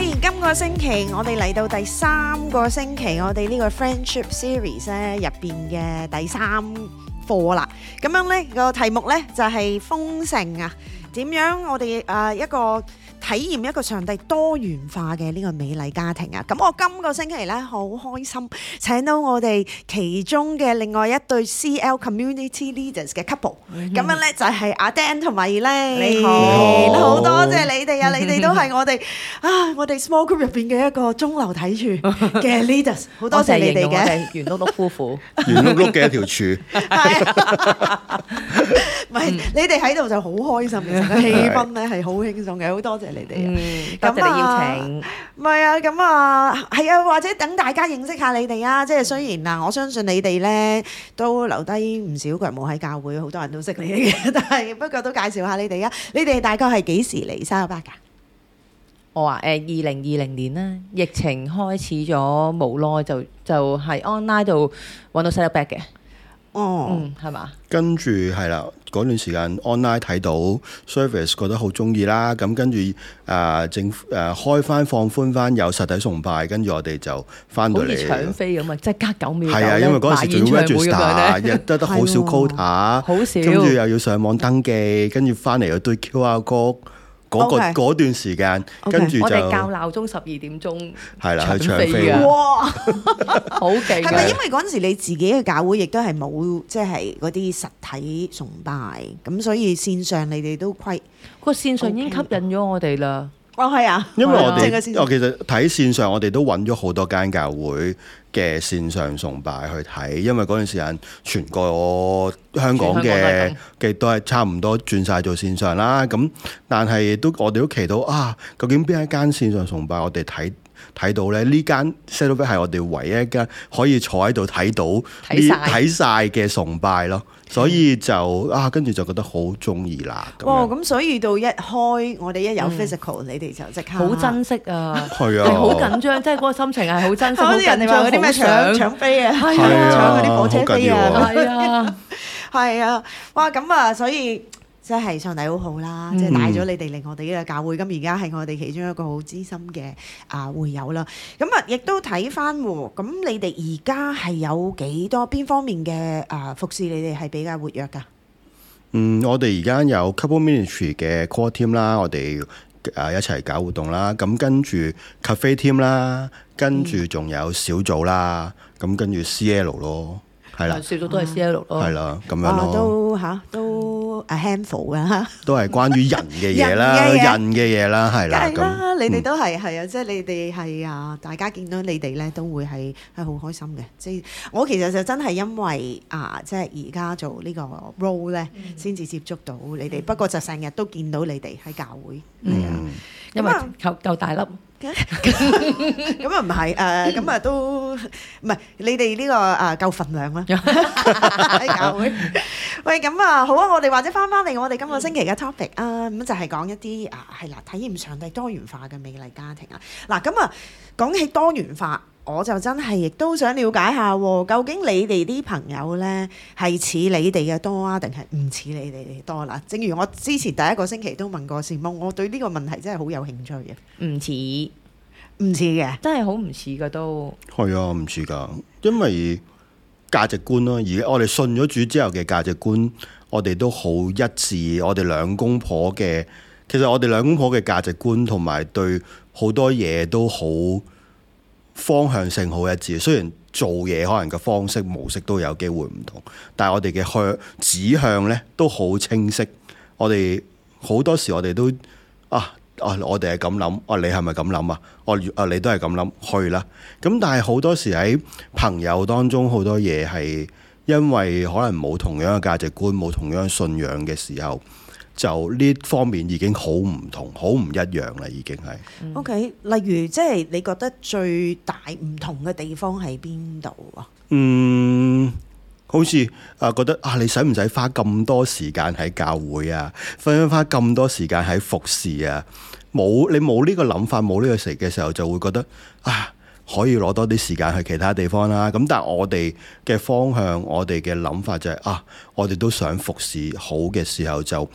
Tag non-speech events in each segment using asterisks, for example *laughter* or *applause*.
Hey, 今個星期我哋嚟到第三個星期，我哋呢個 Friendship Series 咧，入邊嘅第三課啦。咁樣呢個題目呢，就係豐盛啊，點樣我哋啊、呃、一個。體驗一個上帝多元化嘅呢個美麗家庭啊！咁我今個星期呢，好開心請到我哋其中嘅另外一對 CL Community Leaders 嘅 couple，咁、嗯、哼樣呢，就係、是、阿 Dan 同埋 Elaine，你好，好、嗯、哼多謝你哋啊！你哋都係我哋 *laughs* 啊，我哋 Small Group 入邊嘅一個中流砥柱嘅 Leaders，好 *laughs* 多謝你哋嘅。我哋圓碌碌夫婦，圓碌碌嘅一條柱。 *laughs* *laughs* 唔係，你哋喺度就好開心嘅氣氛咧，係好輕鬆嘅，好多謝你哋。感謝邀請。唔係啊，咁啊，係啊，或者等大家認識下你哋啊。即係雖然嗱，我相信你哋咧都留低唔少個人冇喺教會，好多人都識你嘅，但係不過都介紹下你哋啊。你哋大概係幾時嚟三十八噶？我話，誒二零二零年啦，疫情開始咗，冇耐就就喺 online 度揾到三十八嘅。哦，係嘛、嗯？跟住係啦，嗰段時間 online 睇到 service 覺得好中意啦，咁跟住誒政誒開翻放寬翻有實體崇拜，跟住我哋就翻到嚟搶飛咁啊！即係九秒，係啊！因為嗰時仲要 register 一得得好少、 *laughs* 啊、好少 quota，跟住又要上網登記，跟住翻嚟又堆 QR Code。嗰、那個、Okay. 段時間，跟住 Okay. 我哋較鬧鐘十二點鐘，係啦的，搶飛、搶飛啊、哇， *laughs* *laughs* 好勁！係咪因為嗰陣時你自己嘅教會亦都係冇即係嗰啲實體崇拜，咁所以線上你哋都虧個線上已經吸引咗我哋啦。Okay. 哦，係啊，因為我哋哦，其實睇線上，我哋都揾咗好多間教會嘅線上崇拜去睇，因為嗰段時間全個香港嘅嘅都係差唔多轉晒做線上啦。咁但係都我哋都祈禱啊，究竟邊一間線上崇拜我哋睇？睇到咧呢間 set up 係我哋唯一間可以坐喺度睇到睇晒嘅崇拜咯，所以就啊跟住就覺得好中意啦。哇！咁所以到一開我哋一有 physical，你哋就即刻好珍惜啊，係啊，好緊張，即係嗰個心情係好珍惜，好緊張。人哋話嗰啲咩搶搶飛啊，搶嗰啲火車飛啊，係啊，係啊，哇！咁啊，所以。真係上帝好好啦，即係、嗯、帶咗你哋，嚟我哋呢個教會咁，而家係我哋其中一個好資深嘅啊會友啦。咁、嗯、啊，亦都睇翻喎。咁你哋而家係有幾多邊方面嘅啊服侍？你哋係比較活躍噶。嗯，我哋而家有 Couple Ministry 嘅 core team 啦，我哋啊一齊搞活動啦。咁跟住 cafe team 啦，跟住仲有小組啦。咁、嗯、跟住 CL 咯。係啦，少到都係 CL 咯，係咯，咁樣咯，都嚇都啊 handful 嘅嚇，都係關於人嘅嘢啦，人嘅嘢啦，係啦，咁，你哋都係係啊，即係你哋係啊，大家見到你哋咧，都會係係好開心嘅。即係我其實就真係因為啊，即係而家做呢個 role 咧，先至接觸到你哋，不過就成日都見到你哋喺教會，係啊，因為夠夠大粒。咁啊唔係誒，咁啊都唔係你哋呢個啊夠份量啦！喺教會。喂，咁啊好啊，我哋或者返返嚟我哋今個星期嘅 topic 啊，咁就係講一啲啊係啦，體驗上帝多元化嘅美麗家庭啊，嗱，咁啊講起多元化。我就真係亦都想了解下，究竟你哋啲朋友呢係似你哋嘅多啊，定係唔似你哋嘅多啦？正如我之前第一個星期都問過先，我對呢個問題真係好有興趣嘅。唔似，唔似嘅，真係好唔似嘅都係啊，唔似噶，因為價值觀咯。而我哋信咗主之後嘅價值觀，我哋都好一致。我哋兩公婆嘅，其實我哋兩公婆嘅價值觀同埋對好多嘢都好。方向性好一致，雖然做嘢可能個方式模式都有機會唔同，但係我哋嘅向指向呢都好清晰。我哋好多時我哋都啊啊，我哋係咁諗啊，你係咪咁諗啊？我啊，你都係咁諗去啦。咁但係好多時喺朋友當中，好多嘢係因為可能冇同樣嘅價值觀，冇同樣信仰嘅時候。就呢方面已經好唔同，好唔一樣啦，已經係。Okay，例如即係你覺得最大唔同嘅地方喺邊度啊？嗯，好似啊覺得啊，你使唔使花咁多時間喺教會啊？花唔花咁多時間喺服侍啊？冇你冇呢個諗法，冇呢個食嘅時候，就會覺得啊，可以攞多啲時間去其他地方啦。咁但係我哋嘅方向，我哋嘅諗法就係啊，我哋都想服侍好嘅時候就。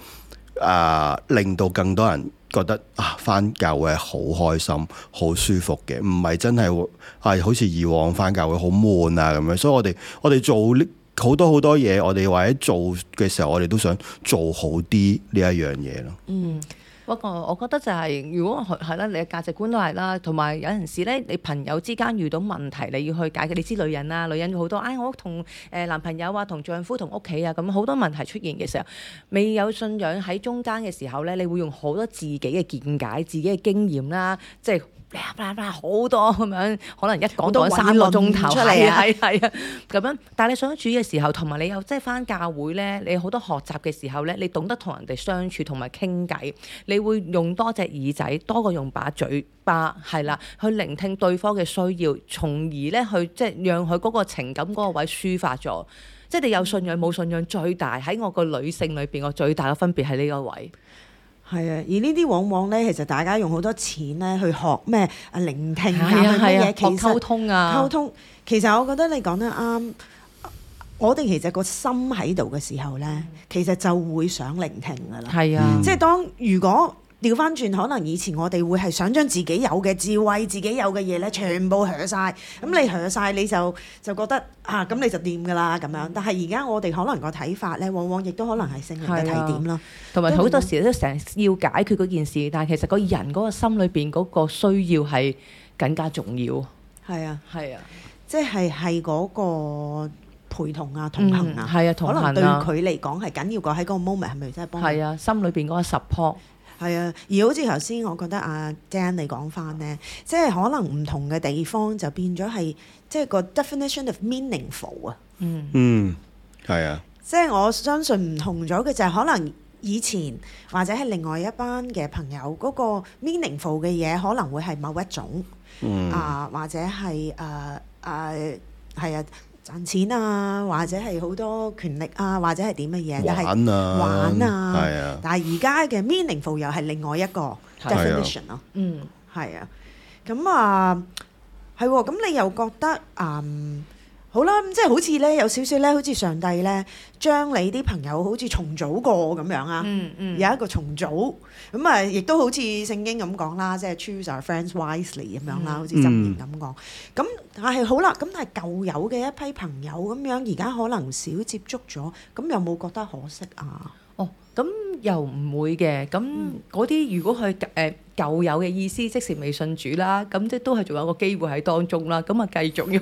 啊！令到更多人覺得啊，返教會係好開心、好舒服嘅，唔係真係係好似以往返教會好悶啊咁樣。所以我哋我哋做呢好多好多嘢，我哋或者做嘅時候，我哋都想做好啲呢一樣嘢咯。嗯。不過，我覺得就係、是，如果係啦，你嘅價值觀都係啦，同埋有陣時咧，你朋友之間遇到問題，你要去解決。你知女人啊，女人好多，唉、哎，我同誒男朋友啊，同丈夫同屋企啊，咁好多問題出現嘅時候，未有信仰喺中間嘅時候咧，你會用好多自己嘅見解、自己嘅經驗啦，即係。好多咁樣，可能一講到三個鐘頭出嚟啊，係啊，咁樣。但係你想注嘅時候，同埋你又即係翻教會咧，你好多學習嘅時候咧，你懂得同人哋相處同埋傾偈，你會用多隻耳仔多過用把嘴巴，係啦、啊，去聆聽對方嘅需要，從而咧去即係讓佢嗰個情感嗰個位抒發咗。即係你有信仰冇信仰，最大喺我個女性裏邊，我最大嘅分別係呢個位。係啊，而呢啲往往咧，其實大家用好多錢咧去學咩啊，聆聽啊，係啊，學溝通啊，溝通。其實我覺得你講得啱，我哋其實個心喺度嘅時候咧，其實就會想聆聽㗎啦。係啊的，即係當如果。調翻轉，可能以前我哋會係想將自己有嘅智慧、自己有嘅嘢咧，全部學晒。咁你學晒，你就就覺得啊，咁你就掂㗎啦咁樣。但係而家我哋可能個睇法咧，往往亦都可能係成人嘅睇點啦。同埋好多時都成日要解決嗰件事，但係其實個人嗰個心裏邊嗰個需要係更加重要。係啊，係啊，即係係嗰個陪同啊，同行啊，係、嗯、啊，啊可能對佢嚟講係緊要過喺嗰個 moment 係咪真係幫？係啊，心裏邊嗰個 support。係啊，而好似頭先，我覺得阿、uh, Dan 你講翻咧，即係可能唔同嘅地方就變咗係，即係個 definition of meaningful、mm. 嗯、啊。嗯，係啊。即係我相信唔同咗嘅就係可能以前或者係另外一班嘅朋友嗰、那個 meaningful 嘅嘢可能會係某一種、mm. 啊，或者係誒誒係啊。啊賺錢啊，或者係好多權力啊，或者係點嘅嘢，但係玩啊，但係而家嘅 meaningful 又係另外一個 definition 咯，嗯，係啊，咁啊，係、嗯啊，咁、啊哦、你又覺得嗯？好啦，咁即係好似咧，有少少咧，好似上帝咧，將你啲朋友好似重組過咁樣啊，嗯嗯、有一個重組，咁啊，亦都好似聖經咁講啦，即係 choose our friends wisely 咁樣啦，好似箴言咁講。咁、嗯、但係好啦，咁但係舊有嘅一批朋友咁樣，而家可能少接觸咗，咁有冇覺得可惜啊？又唔會嘅，咁嗰啲如果佢，誒舊有嘅意思，即時未信主啦，咁即都係仲有個機會喺當中啦，咁啊繼續用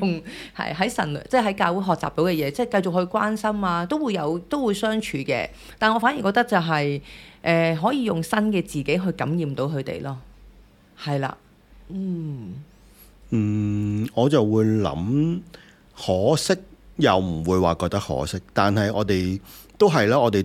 係喺神即係喺教會學習到嘅嘢，即係繼續去關心啊，都會有都會相處嘅。但我反而覺得就係誒可以用新嘅自己去感染到佢哋咯，係啦，嗯嗯，我就會諗可惜又唔會話覺得可惜，但係我哋都係啦，我哋。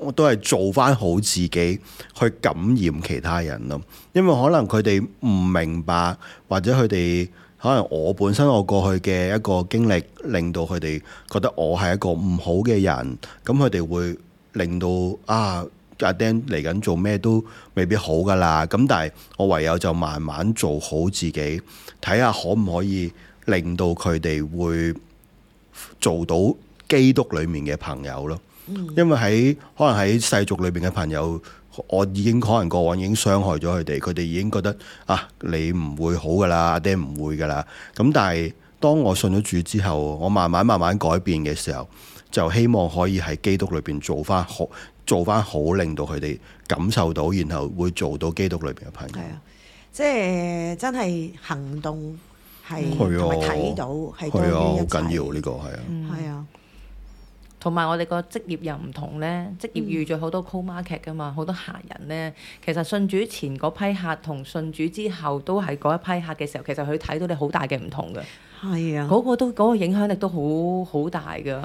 我都係做翻好自己，去感染其他人咯。因為可能佢哋唔明白，或者佢哋可能我本身我過去嘅一個經歷，令到佢哋覺得我係一個唔好嘅人，咁佢哋會令到啊阿 Dan 嚟緊做咩都未必好㗎喇。咁但係我唯有就慢慢做好自己，睇下可唔可以令到佢哋會做到基督裡面嘅朋友咯。嗯、因為喺可能喺世俗裏邊嘅朋友，我已經可能過往已經傷害咗佢哋，佢哋已經覺得啊，你唔會好㗎喇，爹唔會㗎喇。咁但係當我信咗主之後，我慢慢慢慢改變嘅時候，就希望可以喺基督裏邊做返好，做返好，令到佢哋感受到，然後會做到基督裏邊嘅朋友。啊、即係真係行動係同埋睇到係咁樣一。好緊要呢個係啊。同埋我哋個職業又唔同咧，職業遇咗好多 co-market 噶嘛，好多客人咧。其實信主前嗰批客同信主之後都係嗰一批客嘅時候，其實佢睇到你好大嘅唔同嘅。係是啊。嗰個都嗰、嗰個影響力都好好大㗎。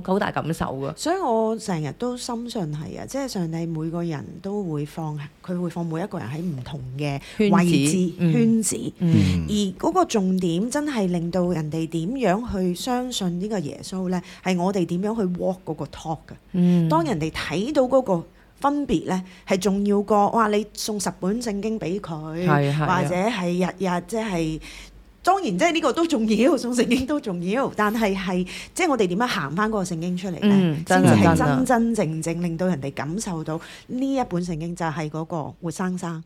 好大感受㗎，所以我成日都深信係啊，即係上帝每個人都會放，佢會放每一個人喺唔同嘅位置圈子，圈子嗯、而嗰個重點真係令到人哋點樣去相信呢個耶穌咧，係我哋點樣去 walk 嗰個 talk 嘅。嗯、當人哋睇到嗰個分別咧，係重要過哇！你送十本聖經俾佢，或者係日日即、就、係、是。當然，即係呢個都重要，聖經都重要，但係係即係我哋點樣行返嗰個聖經出嚟咧，先至係真真正正令到人哋感受到呢一本聖經就係嗰個活生生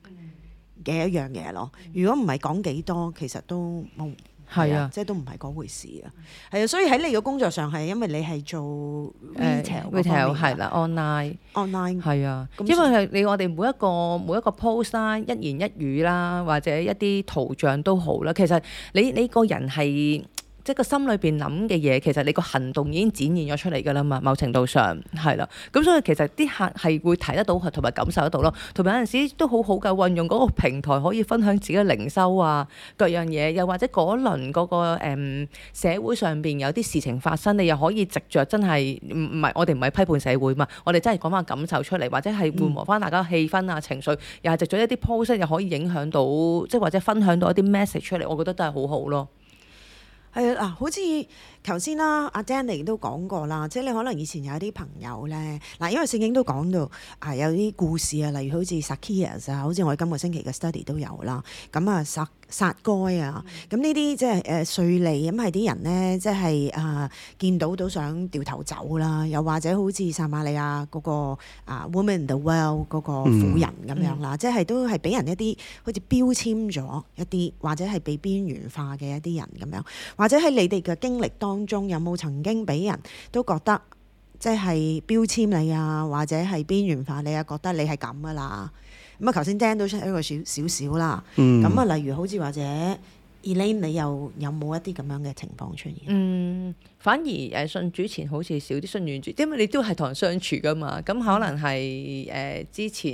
嘅一樣嘢咯。如果唔係講幾多，其實都冇。係啊，即係都唔係嗰回事啊，係啊，所以喺你嘅工作上係因為你係做 retail，retail 係啦 online，online 係啊，因為你我哋每一個每一個 post 啦，一言一語啦，或者一啲圖像都好啦，其實你你個人係。即係個心裏邊諗嘅嘢，其實你個行動已經展現咗出嚟㗎啦嘛。某程度上係啦，咁、嗯、所以其實啲客係會睇得到，同埋感受得到咯。同埋有陣時都好好嘅運用嗰個平台可以分享自己嘅靈修啊，各樣嘢。又或者嗰輪嗰個、嗯、社會上邊有啲事情發生，你又可以藉着真係唔唔係我哋唔係批判社會嘛，我哋真係講翻感受出嚟，或者係緩和翻大家氣氛啊、情緒，又係藉咗一啲 post 又可以影響到，即係或者分享到一啲 message 出嚟，我覺得都係好好咯。係啦，嗱，好似頭先啦，阿 Danny 都講過啦，即係你可能以前有啲朋友咧，嗱，因為聖經都講到啊，有啲故事啊，例如好似 Sakias 啊，好似我今個星期嘅 study 都有啦，咁啊，Sak 殺該啊！咁呢啲即係誒稅吏咁係啲人咧、就是，即係啊見到都想掉頭走啦，又或者好似撒瑪利亞嗰、那個啊 Woman the Well 嗰個婦人咁樣啦，嗯、即係都係俾人一啲好似標籤咗一啲，或者係被邊緣化嘅一啲人咁樣。或者喺你哋嘅經歷當中，有冇曾經俾人都覺得即係標籤你啊，或者係邊緣化你啊，覺得你係咁噶啦？咁啊，頭先聽到出一個少少少啦，咁啊、嗯，例如好似或者 Elaine，你又有冇一啲咁樣嘅情況出現？嗯反而誒，信主前好似少啲信遠主，因為你都係同人相處㗎嘛？咁可能係誒、呃、之前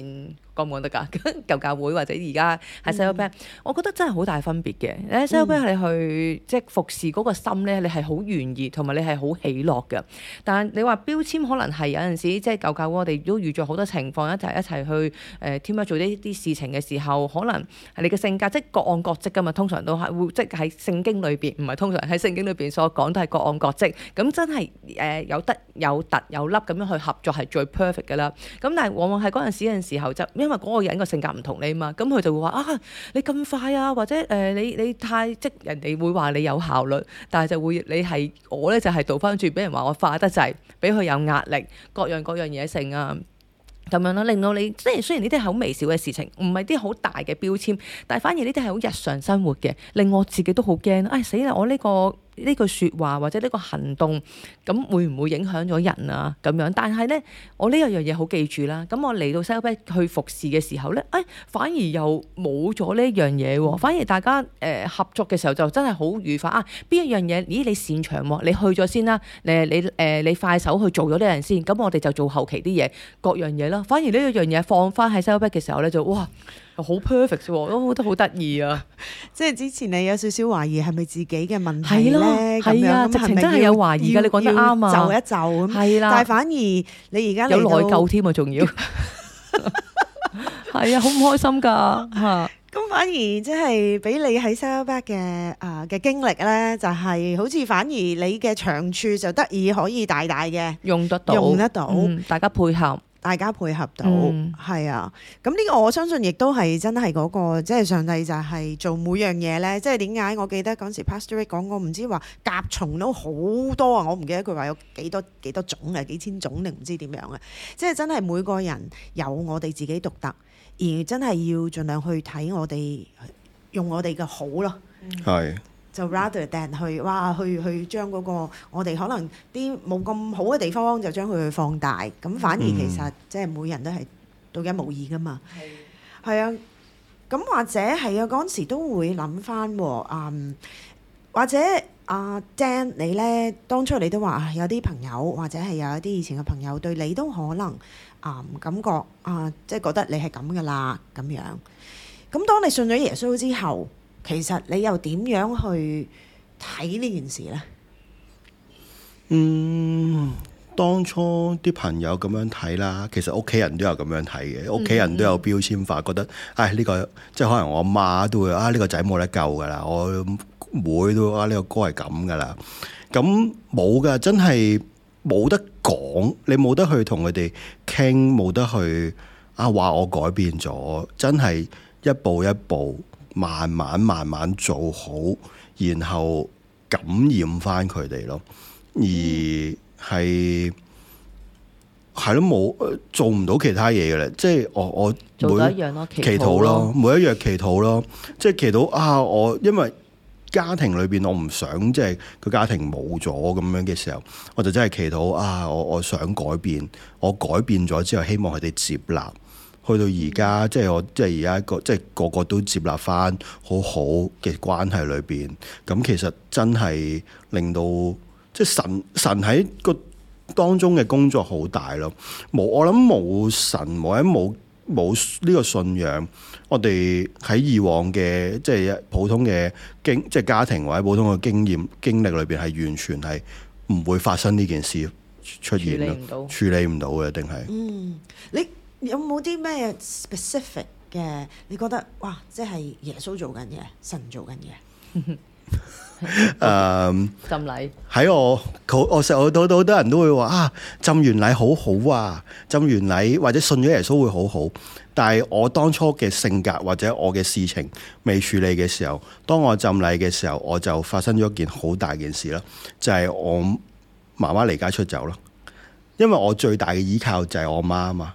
講唔講得㗎？ *laughs* 舊教會或者而家係細佬餅，我覺得真係好大分別嘅。誒細佬餅你去即係、就是、服侍嗰個心咧，你係好願意，同埋你係好喜樂嘅。但係你話標籤可能係有陣時即係、就是、舊教會，我哋都遇咗好多情況一齊一齊去誒添啊做呢啲事情嘅時候，可能你嘅性格即係各按各職㗎嘛。通常都係會即係喺聖經裏邊，唔係通常喺聖經裏邊所講都係各按各。咁、嗯、真係誒、呃、有得有突有粒咁樣去合作係最 perfect 嘅啦。咁、嗯、但係往往係嗰陣時、嗰時候就因為嗰個人個性格唔同你啊嘛，咁、嗯、佢就會話啊你咁快啊，或者誒、呃、你你太即人哋會話你有效率，但係就會你係我咧就係倒翻轉俾人話我快得滯，俾佢有壓力，各樣各樣嘢性啊咁樣啦、啊，令到你即雖然呢啲係好微小嘅事情，唔係啲好大嘅標籤，但係反而呢啲係好日常生活嘅，令我自己都好驚啊死啦！我呢、呢個呢句説話或者呢個行動，咁會唔會影響咗人啊？咁樣，但係呢，我呢一樣嘢好記住啦。咁我嚟到西 t a 去服侍嘅時候呢，誒、哎，反而又冇咗呢一樣嘢喎、哦。反而大家誒、呃、合作嘅時候就真係好愉快啊！邊一樣嘢？咦，你擅長喎、哦，你去咗先啦。誒，你、呃、誒你快手去做咗呢嘢先，咁我哋就做後期啲嘢，各樣嘢咯。反而呢一樣嘢放翻喺西 t a 嘅時候呢，就哇～好 perfect 啫，我我覺得好得意啊！即係之前你有少少懷疑係咪自己嘅問題咧，咁樣直情真係有懷疑噶。你講得啱啊就一就咁，係啦。但係反而你而家你有內疚添啊，仲要係啊，好唔開心噶。咁反而即係俾你喺 sell back 嘅啊嘅經歷咧，就係好似反而你嘅長處就得以可以大大嘅用得到，用得到，大家配合。大家配合到，係、嗯、啊，咁呢個我相信亦都係真係嗰、那個，即係上帝就係做每樣嘢咧。即係點解？我記得嗰時 Pastor Rick 講過，唔知話甲蟲都好多啊，我唔記得佢話有幾多幾多種嘅，幾千種定唔知點樣啊？即係真係每個人有我哋自己獨特，而真係要盡量去睇我哋用我哋嘅好咯。係。嗯就 rather than 去哇，去去將嗰、那個我哋可能啲冇咁好嘅地方就將佢去放大，咁反而其實、嗯、即係每人都係到一無二噶嘛。係啊、嗯，咁的或者係啊，嗰陣時都會諗翻喎，或者阿、啊、Dan 你咧，當初你都話有啲朋友或者係有一啲以前嘅朋友對你都可能啊、嗯、感覺啊、嗯，即係覺得你係咁噶啦，咁樣。咁當你信咗耶穌之後。其實你又點樣去睇呢件事呢？嗯，當初啲朋友咁樣睇啦，其實屋企人都有咁樣睇嘅，屋企人都有標籤化，覺得啊哎，呢個即係可能我媽都會啊，呢個仔冇得救噶啦，我妹都啊，呢個哥係咁噶啦。咁冇噶，真係冇得講，你冇得去同佢哋傾，冇得去啊，話我改變咗，真係一步一步。慢慢慢慢做好，然後感染翻佢哋咯，而係係咯，冇做唔到其他嘢嘅啦，即係我我每一樣祈禱咯，每一樣祈禱咯，即係祈禱啊！我因為家庭裏邊我唔想即係個家庭冇咗咁樣嘅時候，我就真係祈禱啊！我我想改變，我改變咗之後，希望佢哋接納。去到而家，即係我，即係而家個，即係個個都接納翻好好嘅關係裏邊。咁其實真係令到即係神神喺個當中嘅工作好大咯。冇我諗冇神冇喺冇冇呢個信仰，我哋喺以往嘅即係普通嘅經即係家庭或者普通嘅經驗經歷裏邊，係完全係唔會發生呢件事出現咯。處理唔到嘅定係嗯你。有冇啲咩 specific 嘅？你覺得哇，即係耶穌做緊嘢，神做緊嘢。誒、 *laughs* 嗯， *laughs* 浸禮喺我我實我到到好多人都會話啊，浸完禮好好啊，浸完禮或者信咗耶穌會好好。但係我當初嘅性格或者我嘅事情未處理嘅時候，當我浸禮嘅時候，我就發生咗一件好大件事啦，就係、是、我媽媽離家出走啦，因為我最大嘅依靠就係我媽啊嘛。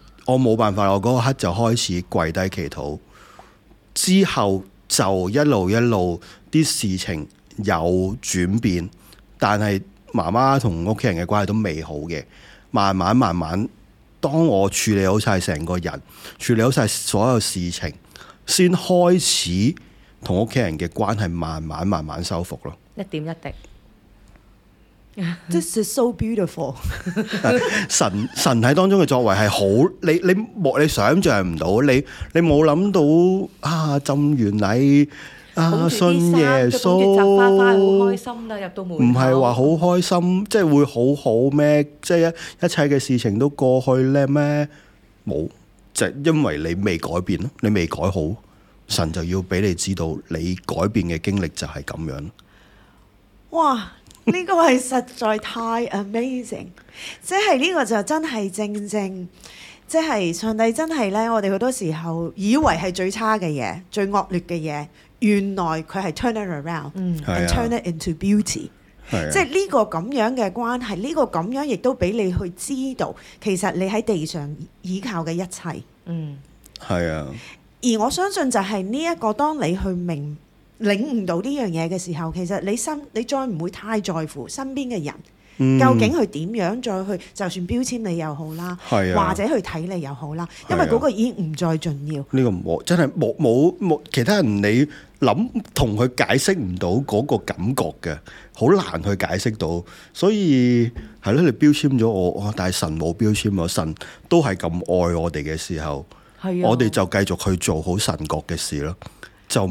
我冇辦法，我嗰刻就開始跪低祈禱。之後就一路一路啲事情有轉變，但係媽媽同屋企人嘅關係都未好嘅。慢慢慢慢，當我處理好晒成個人，處理好晒所有事情，先開始同屋企人嘅關係慢慢慢慢修復咯，一點一滴。This is so beautiful *laughs* 神。神神喺當中嘅作為係好，你你莫你想象唔到，你你冇諗到啊！浸完禮阿、啊啊、信耶穌，好說開心啦，入到門。唔係話好開心，即係會好好咩？即係一一切嘅事情都過去咧咩？冇，就係，因為你未改變咯，你未改好，神就要俾你知道，你改變嘅經歷就係咁樣。哇！呢 *laughs* 個係實在太 amazing，即係呢個就真係正正，即係上帝真係呢。我哋好多時候以為係最差嘅嘢、最惡劣嘅嘢，原來佢係 turn it around、嗯、and turn it into beauty、嗯。嗯、即係呢個咁樣嘅關係，呢個咁樣亦都俾你去知道，其實你喺地上依靠嘅一切，嗯，係啊。而我相信就係呢一個，當你去明。領悟到呢樣嘢嘅時候，其實你心你再唔會太在乎身邊嘅人究竟佢點樣再去，就算標籤你又好啦，或者去睇你又好啦，因為嗰個已經唔再重要。呢個唔好，真係冇冇冇其他人，你諗同佢解釋唔到嗰個感覺嘅，好難去解釋到。所以係咯，你標籤咗我，但係神冇標籤我，神都係咁愛我哋嘅時候，我哋就繼續去做好神國嘅事咯，就。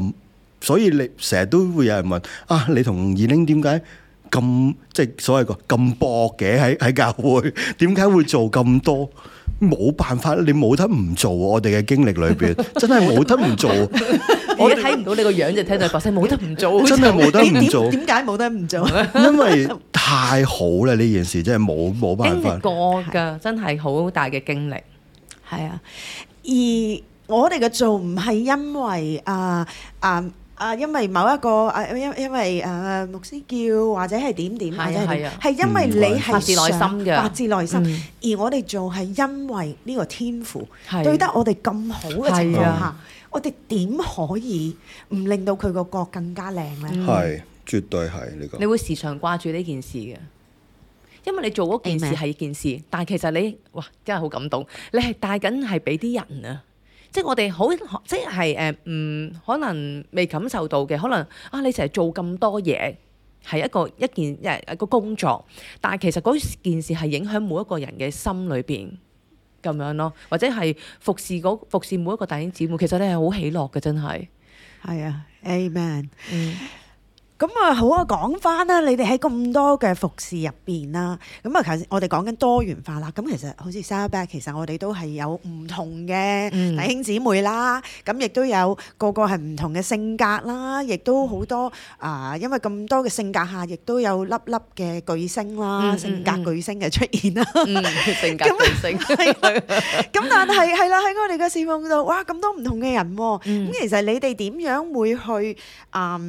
所以你成日都會有人問啊，你同二玲點解咁即係所謂個咁博嘅喺喺教會，點解會做咁多？冇辦法，你冇得唔做。我哋嘅經歷裏邊，真係冇得唔做。我一睇唔到你個樣就聽到你嗰聲，冇得唔做，真係冇得唔做。點解冇得唔做？因為太好啦！呢件事真係冇冇辦法過㗎，真係好大嘅經歷。係啊，而我哋嘅做唔係因為啊啊。啊，因為某一個啊，因因為啊牧師叫或者係點點啊，或者係係因為你係發自內心嘅，發自內心。而我哋做係因為呢個天賦，對得我哋咁好嘅情況下，我哋點可以唔令到佢個角更加靚咧？係，絕對係你講。你會時常掛住呢件事嘅，因為你做嗰件事係嗰件事，但係其實你哇真係好感動，你係帶緊係俾啲人啊。即係我哋好，即係誒，嗯，可能未感受到嘅，可能啊，你成日做咁多嘢，係一個一件誒一個工作，但係其實嗰件事係影響每一個人嘅心裏邊咁樣咯，或者係服侍嗰，服侍每一個弟兄姊妹，其實呢係好喜樂嘅，真係。係啊，Amen。嗯。咁啊好啊，講翻啦，你哋喺咁多嘅服侍入邊啦，咁啊，頭先我哋講緊多元化啦，咁其實好似 Starback，其實我哋都係有唔同嘅弟兄姊妹啦，咁亦都有個個係唔同嘅性格啦，亦都好多啊，因為咁多嘅性格下，亦都有粒粒嘅巨星啦，性格巨星嘅出現啦，性格性格，咁但係係啦，喺我哋嘅視頻度，哇，咁多唔同嘅人喎，咁其實你哋點樣會去啊？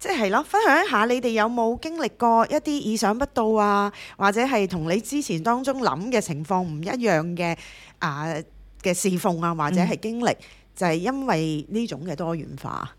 即係攞翻。分享一下，你哋有冇經歷過一啲意想不到啊，或者係同你之前當中諗嘅情況唔一樣嘅啊嘅侍奉啊，或者係經歷，嗯、就係因為呢種嘅多元化。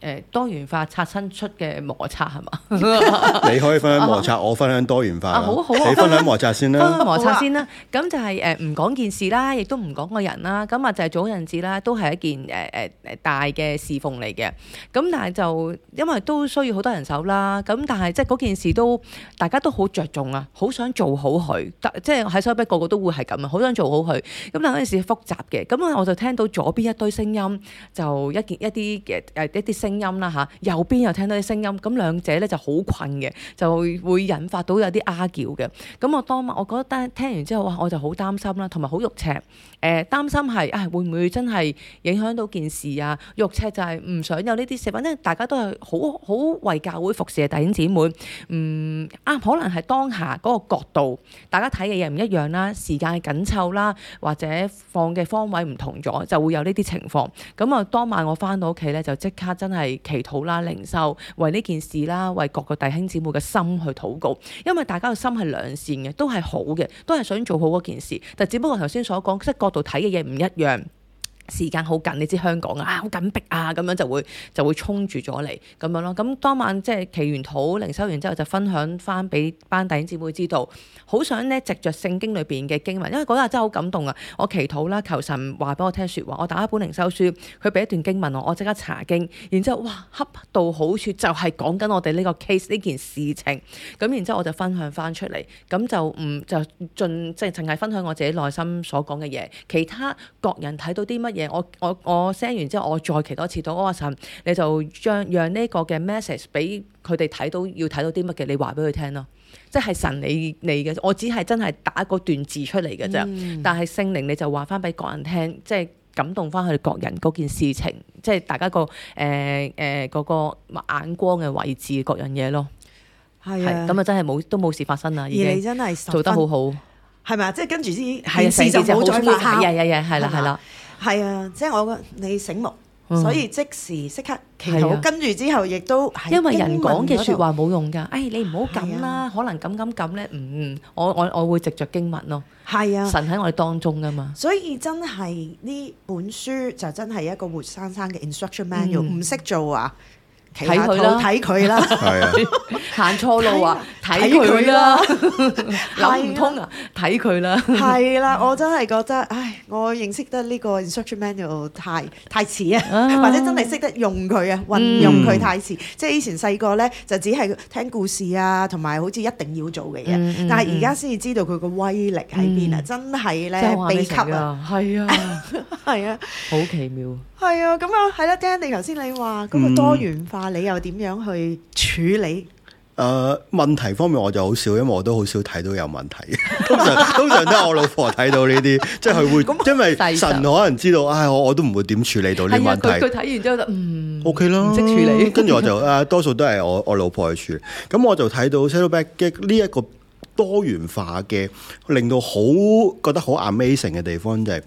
誒多元化刷新擦親出嘅摩擦係嘛？ *laughs* 你可以分享摩擦，我分享多元化、 *laughs* 啊。好好，好 *laughs* 你分享摩擦先啦。摩擦先啦。咁就係誒唔講件事啦，亦都唔講個人啦。咁啊就係早陣時啦，都係一件誒誒誒大嘅侍奉嚟嘅。咁但係就因為都需要好多人手啦。咁但係即係嗰件事都大家都好着重啊，好想做好佢。即係喺手筆個個都會係咁啊，好想做好佢。咁但係嗰件事複雜嘅。咁我就聽到左邊一堆聲音，就一件一啲嘅誒一啲。一聲音啦樂吓，右邊又聽到啲聲音，咁兩者咧，就好困嘅，就會引發到有啲啊叫嘅。咁我當晚我覺得聽完之後，我就好擔心啦，同埋好肉赤。誒、呃、擔心係啊、哎，會唔會真係影響到件事啊？肉赤就係唔想有呢啲事。因為大家都係好好為教會服侍嘅弟兄姊妹。嗯啊，可能係當下個角度，大家睇嘅嘢唔一樣啦，時間緊湊啦，或者放嘅方位唔同咗，就會有呢啲情況，咁啊，當晚我翻到屋企咧，就即刻真係～係祈禱啦，靈修，為呢件事啦，為各個弟兄姊妹嘅心去禱告，因為大家嘅心係良善嘅，都係好嘅，都係想做好嗰件事，但只不過我頭先所講，即係角度睇嘅嘢唔一樣。時間好緊，你知香港啊，好緊迫啊，咁樣就會就會衝住咗嚟咁樣咯。咁當晚即係祈完禱、靈修完之後，就分享翻俾班弟兄姊妹知道。好想咧藉着聖經裏邊嘅經文，因為嗰日真係好感動啊！我祈禱啦，求神話俾我聽説話。我打一本靈修書，佢俾一段經文我，我即刻查經。然之後哇，恰到好處，就係講緊我哋呢個 case 呢件事情。咁然之後我就分享翻出嚟，咁就唔就盡即係淨係分享我自己內心所講嘅嘢，其他各人睇到啲乜？我我我 send 完之後，我再祈多次，我個他次到我話，神你就將讓呢個嘅 message 俾佢哋睇到，要睇到啲乜嘅，你話俾佢聽咯，即係神你你嘅，我只係真係打嗰段字出嚟嘅啫，嗯、但係聖靈你就話翻俾各人聽，即係感動翻佢哋各人嗰件事情，即係大家個誒誒嗰眼光嘅位置各樣嘢咯。係啊，咁啊真係冇都冇事發生啦，而你真係做得好好。係咪啊？即係跟住先，啲事就冇再發生。係啊！係啦！係啦！係啊！即係我，你醒目，所以即時即刻祈禱。跟住之後，亦都因為人講嘅説話冇用噶。誒，你唔好咁啦，可能咁咁咁咧，唔，我我我會藉著經文咯。係啊，神喺我哋當中噶嘛。所以真係呢本書就真係一個活生生嘅 instruction manual，唔識做啊！睇佢啦，睇佢啦，行錯路啊，睇佢啦，諗唔通啊，睇佢啦，係啦，我真係覺得，唉，我認識得呢個 instruction manual 太太遲啊，或者真係識得用佢啊，運用佢太遲，即係以前細個咧就只係聽故事啊，同埋好似一定要做嘅嘢，但係而家先至知道佢個威力喺邊啊，真係咧秘笈啊，係啊，係啊，好奇妙，係啊，咁啊，係啦，Dan 頭先你話嗰個多元化。你又點樣去處理？誒、uh, 問題方面我就好少，因為我都好少睇到有問題 *laughs* 通、通常通常都係我老婆睇到呢啲， *laughs* 即係佢會 *laughs* 因為神可能知道，唉、哎，我我都唔會點處理到呢啲問題。佢睇、啊、完之後就嗯 OK 啦了，唔識處理。跟住我就誒、啊、多數都係我我老婆去處理。咁我就睇到 celebrity 呢一個多元化嘅，令到好覺得好 amazing 嘅地方就係。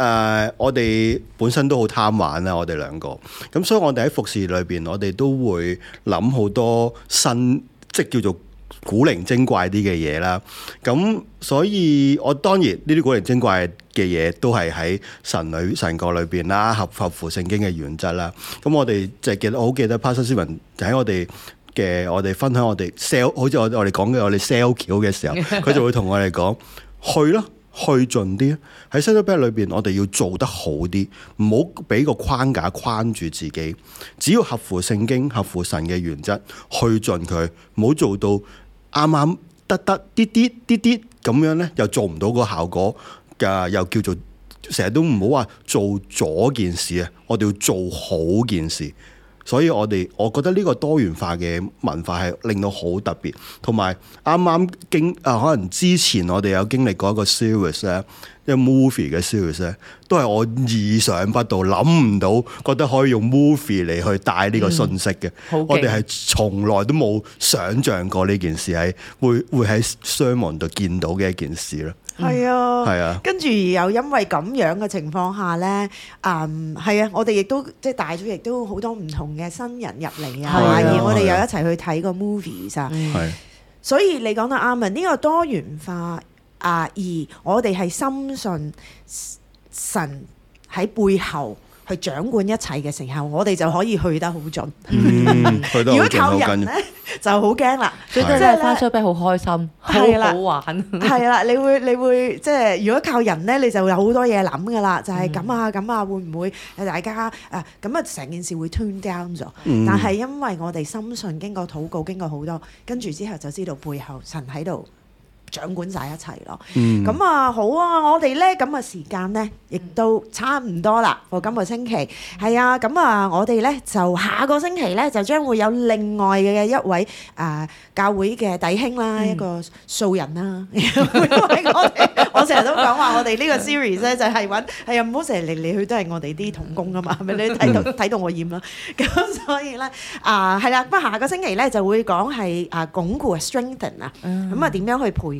誒，uh, 我哋本身都好貪玩啦，我哋兩個咁，所以我哋喺服侍裏邊，我哋都會諗好多新，即係叫做古靈精怪啲嘅嘢啦。咁所以，我當然呢啲古靈精怪嘅嘢都係喺神裏神國裏邊啦，合合乎聖經嘅原則啦。咁我哋就記得好記得 p a s o r 文就喺我哋嘅我哋分享我哋 sell，好似我我哋講嘅我哋 sell 橋嘅時候，佢就會同我哋講 *laughs* 去咯。去盡啲喺莎士比亞裏邊面，我哋要做得好啲，唔好俾個框架框住自己。只要合乎聖經、合乎神嘅原則，去盡佢，唔好做到啱啱得得啲啲啲啲咁樣咧，又做唔到個效果嘅，又叫做成日都唔好話做咗件事啊！我哋要做好件事。所以我哋，我覺得呢個多元化嘅文化係令到好特別，同埋啱啱經啊，可能之前我哋有經歷過一個 service 咧，一個 movie 嘅 service 咧，都係我意想不到、諗唔到，覺得可以用 movie 嚟去帶呢個信息嘅。嗯、我哋係從來都冇想像過呢件事係會會喺 sermon 度見到嘅一件事咯。係啊，跟住、啊、又因為咁樣嘅情況下咧，嗯，係啊，我哋亦都即係帶咗，亦都好多唔同嘅新人入嚟啊，而我哋又一齊去睇個 movie 咋，所以你講得啱啊！呢、呢個多元化啊，而我哋係深信神喺背後。去掌管一切嘅時候，我哋就可以去得好準。嗯、準 *laughs* 如果靠人呢，就好驚啦。最多咧翻出嚟好開心，係啦的，好玩。係啦，你會你會即係、就是，如果靠人呢，你就會有好多嘢諗噶啦，就係、是、咁啊咁啊，會唔會大家啊咁啊成件事會吞 down 咗？嗯、但係因為我哋深信，經過禱告，經過好多，跟住之後就知道背後神喺度。掌管曬一齊咯，咁啊好啊！我哋咧咁啊時間咧，亦都差唔多啦。我今個星期係啊，咁啊我哋咧就下個星期咧就將會有另外嘅一位啊教會嘅弟兄啦，一個素人啦。因為我我成日都講話，我哋呢個 series 咧就係揾係啊，唔好成日嚟嚟去都係我哋啲同工啊嘛，係咪你睇到睇到我厭啦？咁所以咧啊係啦，不過下個星期咧就會講係啊鞏固啊 strengthen 啊，咁啊點樣去培養？